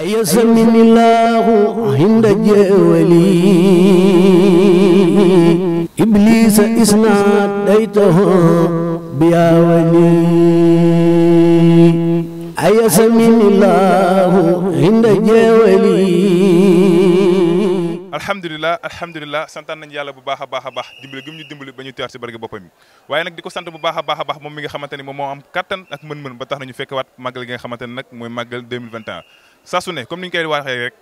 يسمن الله عند جولي إبليس إسناد ديته بيا ولي أيسمن الله عند جولي alhamdulilah alhamdulilah santaan nañu yàlla bu baax a baax a baax dimbali gëm ñu dimbali ba ñu teewaat si barke boppam yi waaye nag di ko sant bu baax a baax a baax moom mi nga xamante ni moom moo am kattan ak mën-mën ba tax nañu fekkewaat màggal gi nga xamante ne nag mooy màggal 2021 saa su ne comme ni ñu koy waxee rek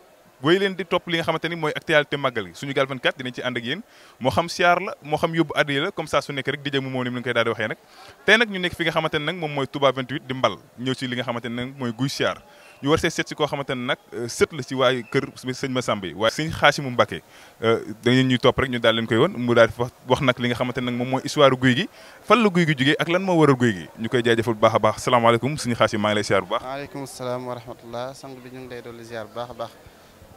booy leen di topp li nga xamante ni mooy actualité màggal gi suñu gaal 24 dinañ ci ànd ak yéen moo xam siyaar la moo xam yóbbu addiya la comme saa su nekk rek di jëm moo ni mu waxee nag tey nag ñu nekk fi nga xamante ne nag moom mooy Touba 28 di mbal ñëw ci li nga xamante ne nag mooy guy siyaar ñu war see seet si koo xamante ne nag euh, sët la ci waaye kër sëñ Massamba yi waaye sëñ Xaasimu Mbàkke euh, dañu ñuy topp rek ñu daal leen koy woon mu daal wax wax nag li nga xamante ne moom mooy histoire guy gi fan la guy gi jógee ak lan moo waral guy gi ñu koy jaajëfal bu baax a baax salaamaaleykum sëñ Xaasim maa ngi lay ziar bu baax waaleykum ñu ngi lay dolli ziar bu baax a baax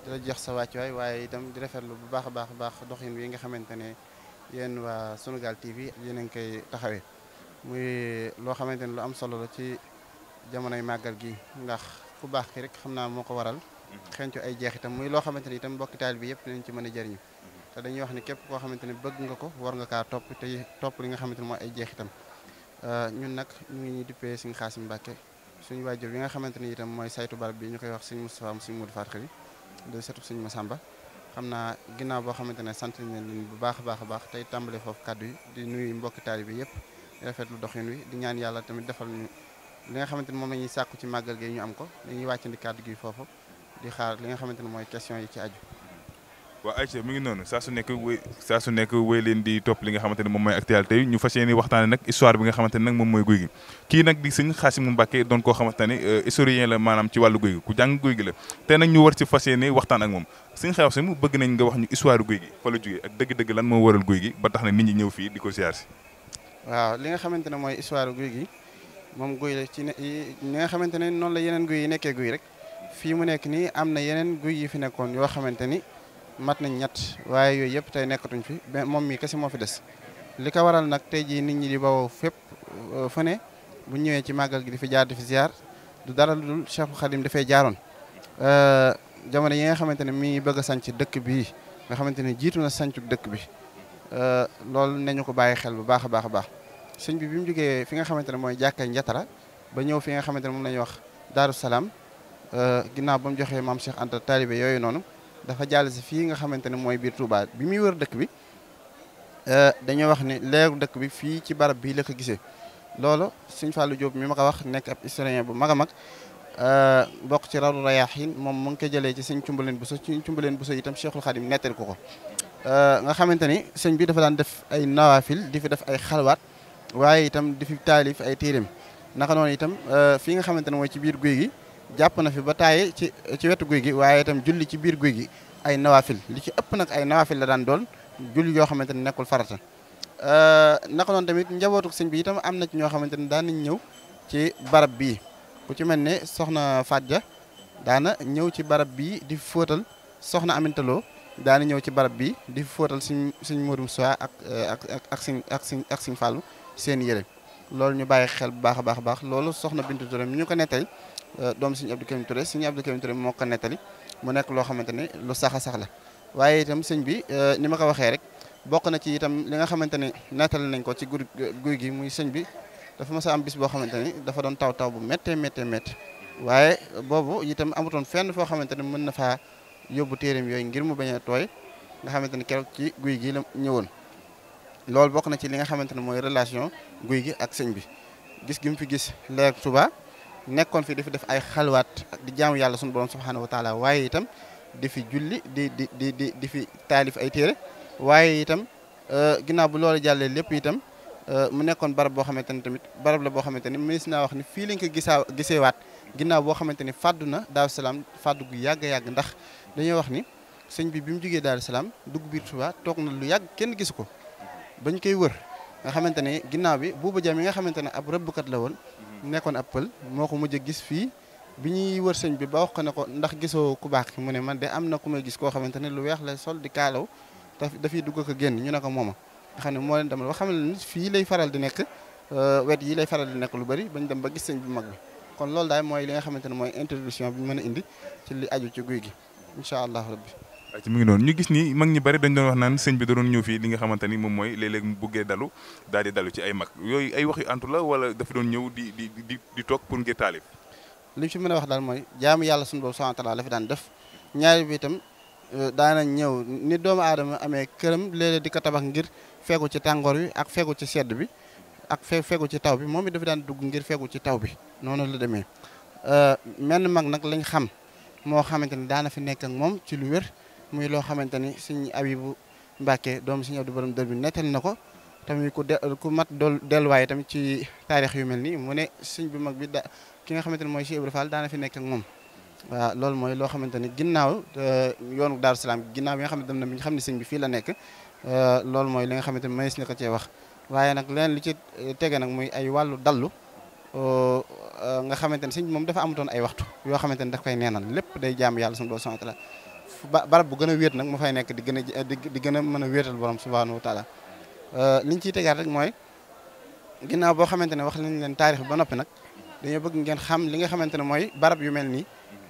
di la jox sa wàccuwaay waaye itam di rafetlu bu baax a baax a baax doxin wi nga xamante ne yéen waa Sunugal TV yéen a ngi koy taxawee muy loo xamante ne lu am solo la ci jamonoy màggal gi ndax ku baax ki rek xam naa moo ko waral mhm. xencu ay jeex itam muy loo xamante ni itam mbokki taal bi yëpp dinañ ci mën a jëriñu mhm. dañuy wax ni képp koo xamante ni bëgg nga ko war nga kaa topp te topp li nga xamante ni mooy ay jeex itam euh, ñun nag ñu ngi ñuy dippee Sëriñ Xaasim Mbàkke suñu waajur bi nga xamante ni itam mooy saytu bi ñu koy wax Sëriñ Moustapha Sëriñ Modou Fatou Khary day sëtub Sëriñ Massamba xam naa ginnaaw boo xamante ne sant nañ leen bu baax baax a baax tey tàmbale foofu kàddu yi di nuyu bi yëpp rafetlu doxin wi di ñaan yàlla tamit defal ñu li nga xamante ne moom la ñuy sàkku ci màggal gi ñu am ko dañuy wàccandi kàddu gi foofu di xaar li nga xamante ne mooy question yi ci aju waaw Aïcha mi ngi noonu saa su nekk wéy saa su nekk wéy leen di topp li nga xamante ne moom mooy actualité ñu fas yéene waxtaane nag ne nag moom mooy guy gi kii nag di sëñ Xaasimu Mbàkke doon koo xamante ne euh, historien la maanaam ci wàllu guy gi ku jàng guy gi la te nag ñu war ci fas yéene waxtaan ak moom sëñ mu bëgg nañ nga wax ñu histoire guy gi fa la jógee ak dëgg-dëgg lan moo waral guy gi ba tax na nit ñi ñëw fii di ko siyaar si waaw li nga xamante ne mooy histoire gi moom guy le ci ñi nga xamante ne noonu la yeneen guy yi nekkee guy rek fii mu nekk nii am na yeneen guy yi fi nekkoon yoo xamante ni mat nañ ñett waaye yooyu yëpp tey nekkatuñ fi moom mii kese moo fi des li ko waral nag tey jii nit ñi di bawoo fépp euh, fu ne bu ñëwee ci màggal gi di fi jaar di fi ziar du dara lu dul Cheikh Khadim dafay jaaroon euh, jamono yi nga xamante ne mi ngi bëgg a sanc dëkk bii nga xamante ne jiitu na sancu dëkk bi euh, loolu nañu ko bàyyi xel bu baax a baax a baax sëñ bi bi mu jógee fi nga xamante ne mooy jàkka njatara ba ñëw fi nga xamante ne moom la ñuy wax daaru salaam euh, ginnaaw ba mu joxee maam Cheikh Anta taalibe yooyu noonu dafa jàll si fii nga xamante ne mooy biir Touba bi muy wër dëkk bi euh, dañoo wax ni leeru dëkk bi fii ci barab bii la ko gisee loolu sëñ Fallou Diop mi ma ko wax nekk ab bu mag a mag euh, bokk ci rawdu rayaaxin moom mu ngi ko jëlee ci sëñ cumbaleen bu sa ci cumbaleen bu sa itam Cheikhul Khadim nettali ko ko nga xamante ni sëñ bi dafa daan def ay nawaafil di fi def ay xalwaat waaye itam di fi taalif ay téeréem naka noonu itam euh, fii nga xamante ne mooy ci biir guy gi jàpp na fi ba taaye ci ci wetu guy gi waaye itam julli ci biir guy gi ay nawafil li ci ëpp nag ay nawafil la daan dool julli yoo xamante ne nekkul farata euh, naka noonu tamit njabootu sëñ bi itam am na ci ñoo xamante ne daan nañ ñëw ci barab bi ku ci mel ne soxna Fadja daana ñëw ci barab bi di fóotal soxna Amintaloo daana ñëw ci barab bi di fóotal suñ suñ Modou euh, ak ak ak ak suñ seen yére loolu ñu bàyyi xel bu baax a baax a baax loolu soxna Bintu Touré mi ñu ko nettali euh, doom siñ Abdou Karim Touré sëñ Abdou Karim Touré moo ko nettali mu nekk loo xamante ne lu sax a sax la waaye itam sëñ bi euh, ni ma ko waxee rek bokk na ci itam li nga xamante ne nettali nañ ko ci gur guy gi muy sëñ bi dafa mas a am boo xamante ni dafa doon taw taw bu méttee méttee waaye boobu itam amutoon fenn foo xamante ne mën na faa yóbbu téereem yooyu ngir mu bañ a tooy nga xamante ni keroog ci guy gi la ñëwoon loolu bokk na ci li nga xamante ne mooy relation guy gi ak sëñ bi gis gi mu fi gis leer suba nekkoon fi dafa def ay xalwaat di jaamu yàlla suñu borom subhaanahu waaye itam di fi julli di di di di di fi taalif ay téere waaye itam euh, ginnaaw bu loolu jàllee lépp itam euh, mu nekkoon barab boo xamante ne tamit barab la boo xamante ni mënees naa wax ni fii lañ ko gisaa giseewaat ginnaaw boo xamante ni fàddu na Daaru Salaam fàddu gu yàgg yàgg ndax dañuy wax ni sëñ bi bi mu jógee Daaru Salaam dugg biir Tuubaa toog na lu yàgg kenn gisu ko bañ koy wër nga xamante ne ginnaaw bi buuba jaam yi nga xamante ne ab rëbbkat la woon mhm. nekkoon ab pël moo ko mujj gis fii bi ñuy wër sëñ bi ba wax ko ne ndax gisoo ku baax ki mu ne man de am na ku may gis koo xamante ne lu weex la sol di kaalaw te dafiy dugg ko génn ñu ne ko mooma nga xam ne moo leen demal wax xam ne fii lay faral di nekk euh, wet yi lay faral di nekk lu bari bañ dem ba gis sëñ bu mag bi kon loolu daal mooy li nga xamante ne mooy introduction bi mën a indi ci li aju ci guy gi incha allah rabbi mu ngi noonu ñu gis ni mag ñi bari dañ doon wax naan sëñ bi da doon ñëw fii li nga xamante ni moom mooy léeg-léeg mu buggee dalu daal di dalu ci ay mag yooyu ay wax yu antu la wala dafa doon ñëw di di di di toog pour ngir taalif li ci mën a wax daal mooy jaamu yàlla suñu boobu subhanahu wa taala la def ñaari bi itam euh, daanañ ñëw ni doomu aadama amee këram léeg-léeg di ko tabax ngir fegu ci tàngoor bi ak fegu ci sedd bi ak fe ci taw bi moom it dafa daan dugg ngir fegu ci taw bi noonu la demee euh, menn mag nag lañ xam moo xamante ni daana fi nekk moom ci lu wér muy loo xamante ni sëñ bu Mbàkke doom sëñ Abdu Borom Dër bi nettali na ko tamit ku de ku mat dool delluwaay tamit ci taarix yu mel nii mu ne sëñ bu mag bi da ki nga xamante ni mooy Cheikh Ibra Fall daana fi nekk ak moom loolu mooy loo xamante ni ginnaaw yoonu Daaru Salaam ginnaaw bi nga xam ne dem na bi nga xam ne sëñ bi fii la nekk loolu mooy li nga xamante ni mënees na ko cee wax waaye nag leneen li ci tege nag muy ay wàllu dallu nga xamante ni sëñ bi moom dafa amatoon ay waxtu yoo xamante ni daf koy neenal lépp day jaamu yàlla suñu borom subhaanahu wa barab bu gën a wéet nag moo fay nekk di gën a di gën a mën a wéetal borom subhaanahu wa taala euh, liñ ciy tegaat rek mooy ginnaaw boo xamante ne wax nañ leen taarix ba noppi nag dañoo bëgg ngeen xam li nga xamante ne mooy barab yu mel nii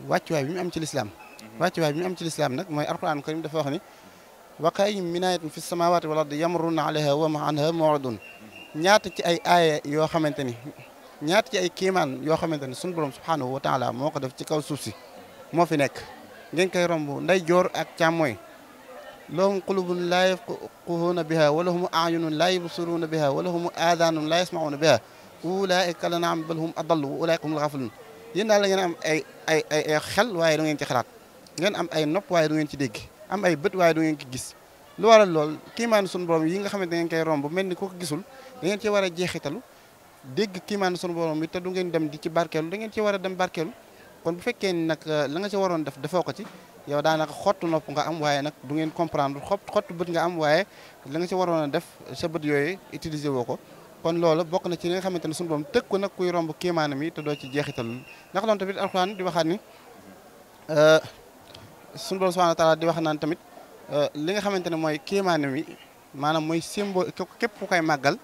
wàccuwaay bi mu am ci lislaam wàccuwaay bi mu am ci lislaam nag mooy alquran karim dafa wax ni waqaayim minaayatin fi samawati wal ardi yamruna alayha wa ma anha muradun ñaata ci ay aaya yoo xamante ni ñaata ci ay kiimaan yoo xamante ni sunu borom subhaanahu wa taala moo ko def ci kaw suuf si moo fi nekk ngeen koy romb nday joor ak càmmooy lahum qulubun laa yafqahuuna biha wa lahum ayunun laa yubsiruuna biha wa lahum aadanun laa yasmauuna biha ulaika la naam bal hum adallu wa ulaika humul ghafilun yéen daal la ngeen am ay ay ay xel waaye du ngeen ci xalaat ngeen am ay nopp du ngeen ci dégg am ay bët waaye du ngeen gis lu lool kiimaanu sunu borom yi nga xamante ngeen koy romb mel ni ku ko gisul da ngeen ci war a jeexitalu dégg kiimaanu sunu borom bi te du ngeen dem di ci barkeelu da ngeen ci war a dem barkeelu kon bu fekkee ni nag euh, la nga ci waroon def defoo ko ci yow daanaka xottu nopp nga am waaye nag du ngeen comprendre xot xottu bët nga am waaye la nga ci waroon a def sa bët yooyu utiliser woo ko kon loolu bokk na ci li nga xamante ne sunu borom tëg ko nag kuy romb kéemaanam yi te doo jeexital ndax loolu tamit alxuraan di waxaat ni euh, sunu di wax naan tamit euh, li nga xamante ne mooy kéemaanam yi maanaam mooy symbole képp ku koy màggal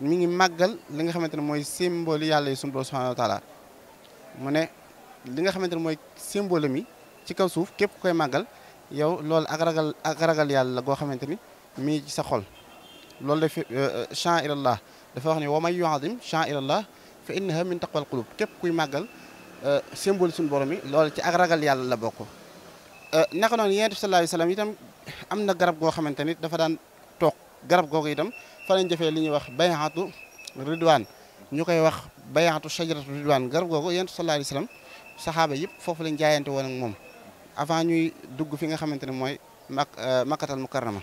mi ngi màggal li nga xamante ne mooy symbole yàlla yi sunu borom subhaanahu li nga xamante ne mooy symbole mi ci kaw suuf képp koy màggal yow loolu ak ragal ak ragal yàlla la goo xamante ni mi ngi ci sa xol loolu daf euh, euh, chaa'irallah dafa wax ne wa man yu'azzim chaa'irallah fa innaha min taqwal qulub képp kuy màggal euh, symbole suñu borom yi loolu ci ak yàlla la bokk naka noonu yonent bi sallallahu alayhi itam am na garab goo xamante ni dafa daan toog garab googu itam fa lañ jëfee li ñuy wax bay'atu ridwaan ñu koy wax bay'atu shajaratu ridwaan garab googu yonent bi sallallahu alayhi wasallam saxaaba yëpp foofu lañ jaayante woon ak moom avant ñuy dugg fi nga xamante ne mooy mak euh, makkatal mukarrama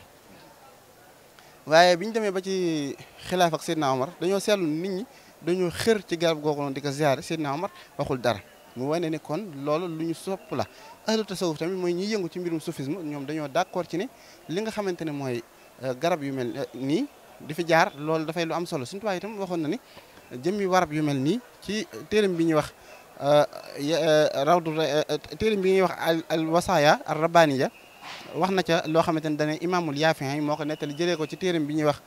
waaye bi ñu demee ba ci xilaaf ak Seydina Omar dañoo seetlu nit ñi dañoo xër ci garab googu noonu di ko ziare Seydina Omar waxul dara mu wane ne kon loolu lu ñu sopp la ahlu tasawuf tamit mooy ñiy yëngu ci mbirum soufisme ñoom dañoo d'accord ci ne li nga xamante ne mooy euh, garab yu mel euh, nii di fi jaar loolu dafay lu am solo suñu tubaab itam waxoon na ni jëmmi warab yu mel nii ci téeram bi ñuy wax Euh, euh, rawdu euh, téere bi ñuy wax al wasaaya ar rabbaaniya wax na ca loo xamante ne dane imaamul yaafi'i moo ko nettali jëlee ko ci téere bi ñuy wax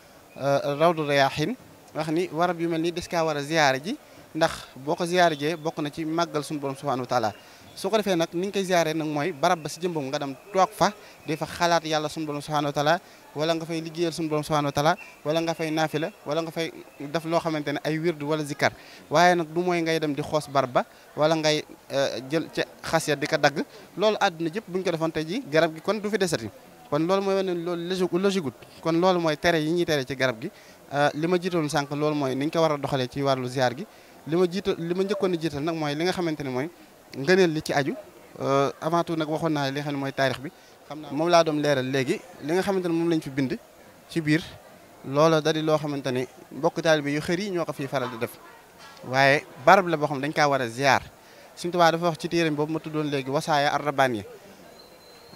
rawdu rayaaxin wax ni warab yu mel ni des kaa war a ziyaare ji ndax boo ko ziyaare jee bokk na ci màggal suñu borom subhaanahu wa su ko defee nag ni koy ziyaare nag mooy barab ba si jëmbam nga dem toog fa di xalaat yàlla suñu borom subhaanahu wa wala nga fay liggéeyal suñu borom subhanahu wa taala wala nga fay naafila wala nga fay def loo xamante ne ay wirdu wala zikkar waaye nag du mooy ngay dem di xoos barab ba wala ngay eh, jël ca xas ya di ko dagg loolu àdduna jëpp bu ñu ko defoon tey ji garab gi kon du fi desati kon loolu mooy wane loolu logique kon loolu mooy tere yi ñuy tere ci garab gi eh, li ma jiitaloon sànq loolu mooy ni ñu ko war a doxalee ci wàllu ziar gi li ma jiital li ma njëkkoon a jiital nag mooy li nga xamante ne mooy ngëneel li ci aju eh, avant tout nag waxoon naa li nga ne mooy taarix bi moom laa doon leeral léegi li nga xamante ne moom lañ fi bind ci biir loola da loo xamante ni mbokk taalibe yu xër yi ñoo ko fii faral di def waaye barab la boo xam dañ kaa war a ziar Sëñ waa dafa wax ci téeram boobu ma tuddoon léegi wasaaya arrabaan yi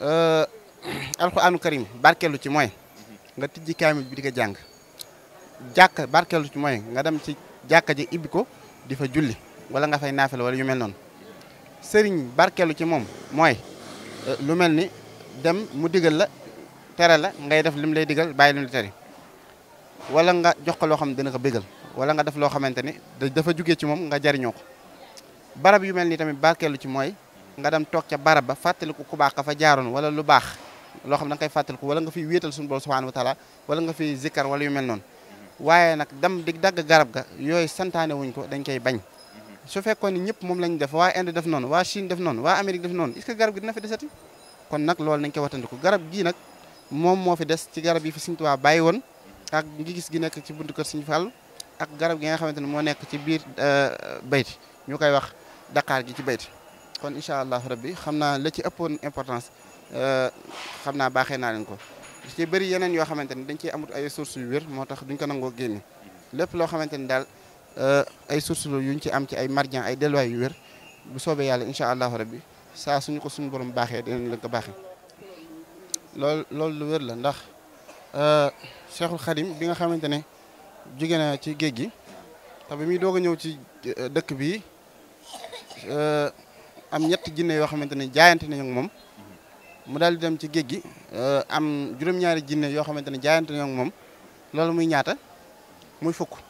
alxuraanu karim barkeelu ci mooy nga tijji kaamil bi di ko jàng jàkk barkeelu ci mooy nga dem ci jàkka ji ibbi ko di julli wala nga fay naafel wala yu mel noonu sëriñ barkeelu ci moom mooy lu mel ni dem mu digal la tere la ngay def lim lay digal bàyyi lim la tere wala nga jox ko loo xam ne dina ko bégal wala nga def loo xamante ni dafa jugee ci moom nga jariñoo ko barab yu mel nii tamit barkeelu ci mooy nga dem toog ca barab ba fàttaliku ku baax ka fa jaaroon wala lu baax loo xam ne kay nga koy wala nga fiy wéetal suñu borom subhanahu wa taala wala nga fiy zikkar wala yu mel noonu waaye nag dem di dagg garab ga yooyu santaane wuñ ko dañ koy bañ su fekkoon ni ñëpp moom lañ def waa Inde def noonu waa Chine def noonu waa Amérique def noonu kon nag loolu nañ ko watandiku garab gi nag moom moo fi des ci garab yi fi Sëriñ waa bàyyi woon ak ngi gis gi nekk ci buntu kër Sëriñ ak garab gi nga xamante ne moo nekk ci biir euh, bayti ñu koy wax daqaar gi ci bayti kon incha allahu rabbi xam naa la ci ëppoon importance euh, xam naa baaxee naa leen ko ci bëri yeneen yoo xamante ni dañ ciy amut ay sources yu wér moo tax duñ ko nangoo génne lépp loo xamante ni daal euh, ay sources yu ñu ci am ci ay marjan ay delluwaay yu wér bu soobee yàlla incha allahu rabbi saa suñu ko suñu borom baaxee dinañ la ko baaxee loolu lu wér la ndax euh, Cheikhul Khadim bi nga xamante ne jóge ci géej gi te bi muy doog ñëw ci euh, dëkk bi euh, am ñetti jinne yoo xamante ne jaayante nañu moom mu daal di dem ci géej gi am juróom-ñaari jinne yoo xamante ne jaayante nañu ak moom loolu muy ñaata muy fukk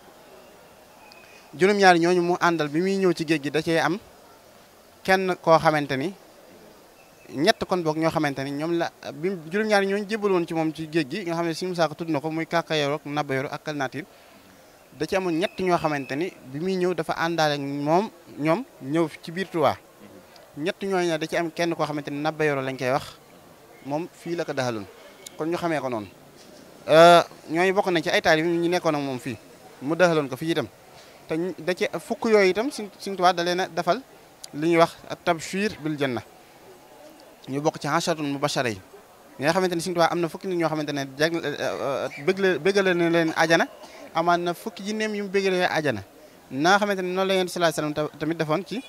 juróom-ñaari ñooñu mu àndal bi muy ñëw ci géej gi da cee am. kenn koo xamante ni ñett kon boog ñoo xamante ni ñoom la bi juróom-ñaari ñooñ jëbaloon ci moom ci géej gi nga xam ne Sëriñ Musaa Ka tudd na ko muy Kakayor ak Nabayor ak Kalnaatir da amoon ñett ñoo xamante ni bi muy ñëw dafa àndaale moom ñoom ñëw ci biir Tuubaa ñett ñooñu nag da ci am kenn koo xamante ni Nabayor lañ koy wax moom fii la ko daxaloon kon ñu xamee ko noonu euh, ñooñu bokk nañ ci ay taalibe ñu nekkoon ak moom fii mu daxaloon ko fii itam te da ci fukk yooyu itam Sëriñ Tuubaa da leen a defal li ñuy wax tabshir bil janna ñu bokk ci achatul mubashara yi ñi nga xamante ne Sëriñ Tuubaa am na fukki nit ñoo xamante ne jag bëgg eh, eh, bëggale na leen ajana amaan na fukki jinneem yu mu bëggalee ajana na nga xamante ne noonu la ngeen sallallahu alayhi tamit defoon ci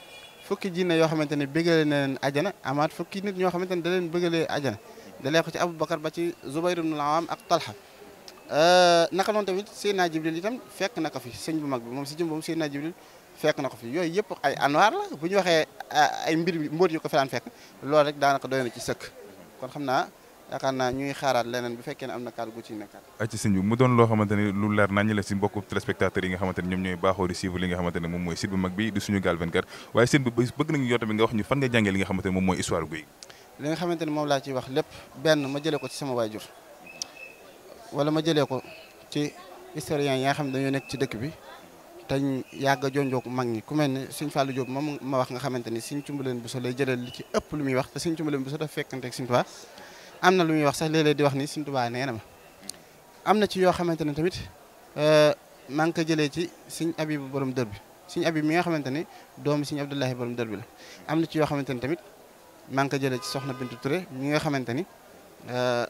fukki jinne yoo xamante ne bëggale na leen amaat fukki nit ñoo xamante ne da leen bëggalee ajana dalee ko ci Abubakar ba ci Zubayr ibn al ak Talha eh, naka noonu tamit Seydina Jibril itam fekk na ko fi sëñ bu mag bi moom si jëm moom Seydina Jibril fekk na ko fi yooyu yëpp ay anwaar la bu waxee ah, ay mbir mbóot yu ko fi fekk loolu rek daanaka doy na ci sëkk kon xam naa yaakaar naa ñuy xaaraat leneen bu fekkee ne am na kàddu gu ci nekkaat ay ci sëñ bi mu doon loo xamante ni lu leer nañ la si mbokku téléspectateurs yi nga xamante ni ñoom ñooy baaxoo di suivre li nga xamante ne moom mooy site bi di suñu gaal 24 bi nga wax ñu fan nga jàngee li nga xamante ne mooy histoire guy li nga xamante moom laa ciy wax lépp benn ma jëlee ko ci sama waajur wala ma jëlee ko ci historien yi nga xam ne dañoo nekk ci dëkk bi teñ yàgg a jonjoog mag ñi ku mel ne sëñ Fallou Diop moom ma wax nga xamante ni sëñ Cumbuleen Bousso lay jëlal li ci ëpp lu muy wax te sëñ Cumbuleen Bousso dafa fekkante ak sëñ Tuubaa am na lu muy wax sax léeg-léeg di wax ni sëñ Tuubaa nee na ma am na ci yoo xamante ne tamit euh, maa ngi ko jëlee ci sëñ Abibu borom dër bi sëñ Abib mi nga xamante ni doomu sëñ Abdoulahi borom dër bi la am na ci yoo xamante ni tamit maa ngi ko jëlee ci soxna Bintu Touré mi nga xamante ni euh,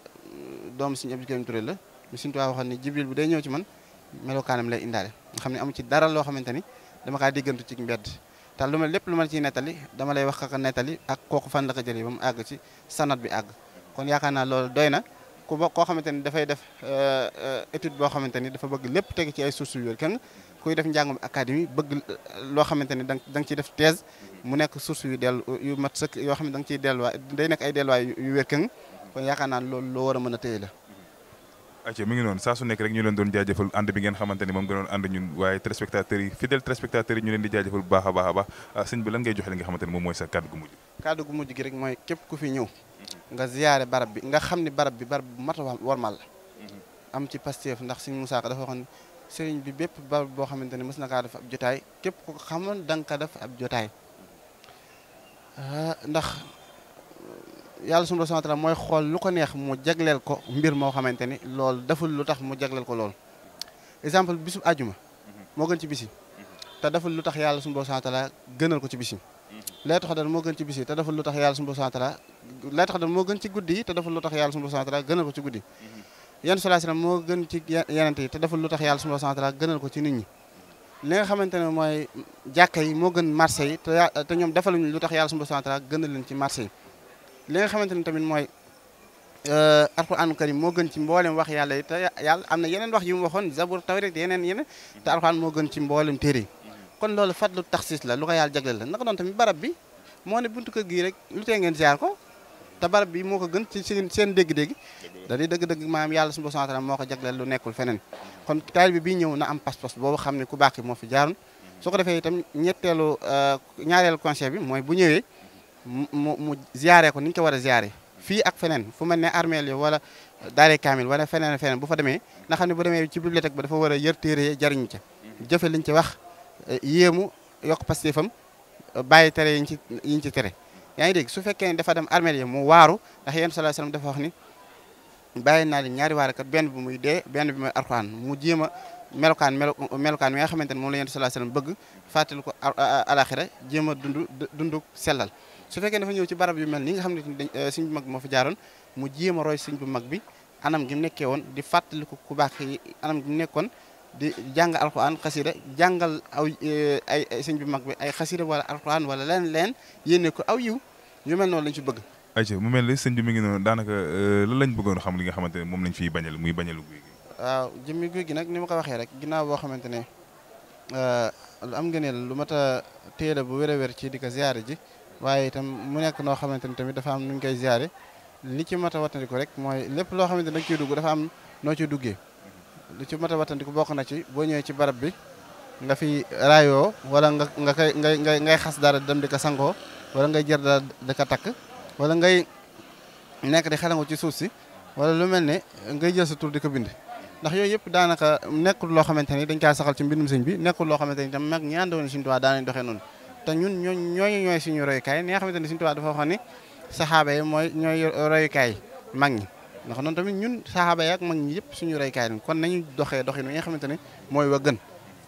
doomu sëñ Abdou Karim Touré la mu sëñ Tuubaa waxoon ni Jibril bu day ñëw ci man melokaanam lay indaale nga xam ne amu ci dara loo xamante ni dama kaa diggantu ci mbedd te lu ma lépp lu ma ciy nettali dama lay wax ka nettali ak kooku fan la ko jëlee ba mu àgg ci sanat bi àgg kon yaakaar naa loolu doy na ku ba koo xamante ni dafay def euh, euh, étude boo xamante ni dafa bëgg lépp teg ci ay sources kenn kuy def njàngum académie bëgg euh, loo xamante ni da da ciy def thèse mu nekk source yu dellu yu mat sëkk yoo xam ne da nga ciy delluwaay day nekk ay delluwaay yu wér keng kon yaakaar naa loolu loo war a mën a téye la acca mi ngi noonu saa nekk ñu leen doon jaajëfal ànd bi ngeen xamante ni moom nga doon ànd ñun waaye téléspectateurs yi fidèle téléspectateurs yi ñu leen di jaajëfal bu baax a baax a baax ah, bi lan ngay joxe li nga moom mooy sa kàddu gu mujj kàddu gu mujj gi rek mooy képp ku fi ñëw nga ziyaare barab bi nga xam ni barab bi barab bu mat a warmal am ci Pastef ndax sëñ Moussa Ka dafa waxoon sëriñ bi bépp barab boo xamante ne mës na kaa def ab jotaay képp ku ko xamoon da nga ko def ab ah, ndax yàlla sunu subhaanahu wa mooy xool lu ko neex mu jagleel ko mbir moo xamante ni loolu deful lu tax mu jagleel ko lool exemple bisu àjjuma mhm. moo gën ci bisi te deful lu tax yàlla sunu subhaanahu wa taala gënal ko ci bisi laytu xadar moo gën ci bisi te deful lu tax yàlla sunu subhaanahu wa taala laytu xadar moo gën ci te deful lu tax yàlla sunu subhaanahu wa taala gënal ko ci guddi yenn salaasina moo gën ci yenente yi te deful lu tax yàlla sunu subhaanahu wa taala mhm. ko ci nit ñi mhm. li nga xamante ne mooy jàkka yi moo gën marché yi te ñoom defaluñu lu tax yàlla subhaanahu wa taala leen ci marché yi li nga xamante ni tamit mooy euh, alxuraanu karim moo gën ci mboolem wax yàlla yi te yàlla am na yeneen wax yu mu waxoon zabur tawreet yeneen yeneen te alxuraan moo gën ci mboolem téere kon loolu fadlu taxsis la lu ko yàlla jagleel la naka doon tamit barab bi moo ne buntu kër gii rek lu tee ngeen ziar ko te barab bi moo ko gën ci seen seen dégg-dégg da dëgg-dëgg maanaam yàlla subhaanahu wa taala moo ko jagleel lu nekkul feneen kon taalibe bi ñëw na am pas-pas boobu xam ne ku baax moo fi jaaroon su ko defee itam ñetteelu euh, ñaareelu conseil bi mooy bu ñëwee mu mu ziare ko ni ñu ko war a ziare fii ak feneen fu mel ne armeel yi wala daare kaamil wala feneen feneen bu fa demee nga xam ne bu demee ci bibliothèque ba dafa war a yër téere jariñu ca jëfe liñ ci wax eh, yéemu yokk fam bàyyi tere yiñ ci yiñ ci tere yaa ngi dégg su fekkee ne dafa dem armeel yi mu waaru ndax yéen sallallahu alayhi wasallam dafa wax ni bàyyi naa leen ñaari waarakat benn bi muy dee benn bi muy alxuraan mu jéem a melokaan melokaan mi nga xamante ne moom la yéen sallallahu alayhi wasallam bëgg fàttali ko alaxira jéem a dund dund sellal su fekkee dafa ñëw ci barab yu mel nii nga xam ne eh, sëñ bu mag moo fi jaaroon mu jéem a roy sëñ bu mag bi anam gi mu nekkee woon di fàttali ko ku baax yi anam gi mu nekkoon di jàng alxuraan xasida jàngal aw eh, ay sëñ bu mag bi ay xasida wala alxuraan wala leen leen yéene ko aw yiw yu mel noonu lañ ci bëgg ayca mu mel ni sëñ bi mi ngi noonu daanaka eh, lan lañ bëggoon xam li nga xamante ne moom lañ fiy bañal muy bañalu guy gi waaw jëmmi guy gi nag ni ma ko waxee rek ginnaaw boo xamante ne lu am lu mat a téela bu wér a wér di ko ji waaye itam mu nekk noo xamante ni tamit dafa am nu ñu koy ziare li ci mat a wattandiku rek mooy lépp loo xamante ni dañ ciy dugg dafa am noo ciy duggee li ci mat a wattandiku bokk na ci boo ñëwee ci barab bi nga fi rayo wala nga nga koy ngay ngay ngay xas dara dem di ko sangoo wala ngay jër dara di ko takk wala ngay nekk di xalangu ci suuf si wala lu mel ne ngay jël sa tur di ko bind ndax yooyu yëpp daanaka nekkul loo xamante ni dañ kaa saxal ci mbindum sëñ bi nekkul loo xamante ni tam mag ñi àndoon Sëñ noonu te ñun ñoo ñooñu ñooy suñu royukaay ni nga xamante ne suñu Tuubaa dafa waxoon ni saxaaba yi mooy ñooy royukaay mag ñi ndax noonu tamit ñun saxaaba yi ak mag ñi yëpp suñu royukaay lañ kon nañu doxee doxin wi nga xamante ne mooy wa gën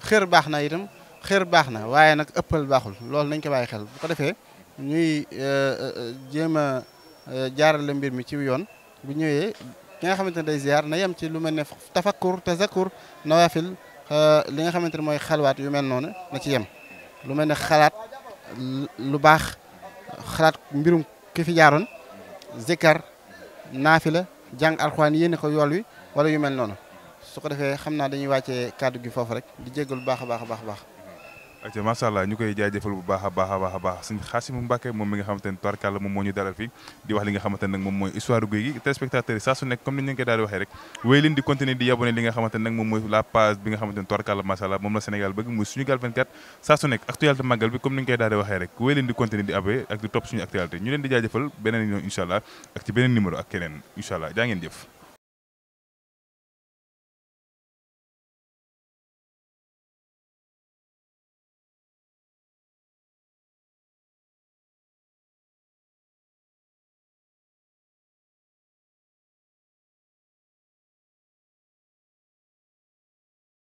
xër baax na itam xër baax na waaye nag ëppal baaxul loolu nañ ko bàyyi xel bu ko defee ñuy eh, eh, jéem a eh, jaarale mbir mi ci yoon bu ñëwee ki nga xamante ne day ziar na yem ci lu mel ne tafakkur tazakkur nawafil li nga xamante ne mooy xalwaat yu mel noonu na ci yem lu mel ne xalaat lu baax xalaat mbirum ki fi jaaroon zikkar naafila jàng alxuraan yéene ko yool wi wala yu mel noonu su ko defee xam naa dañuy wàccee kàddu gi foofu rek di jéggal lu baax a baax a baax a baax ac macha allah ñu koy jaajëfal bu baax a baax a baax a baax suñ Xaasimu Mbàkke moom mi nga xamante ne tubarkàlla moom mooy histoire guy gi téléspectateurs yi saa su nekk comme ni ñu koy daal waxee rek wéy leen di continuer di yabone la page bi nga ak di topp suñu actualité ñu leen di jaajëfal beneen yoon incha ak ci beneen numéro ak keneen incha allah jaa jëf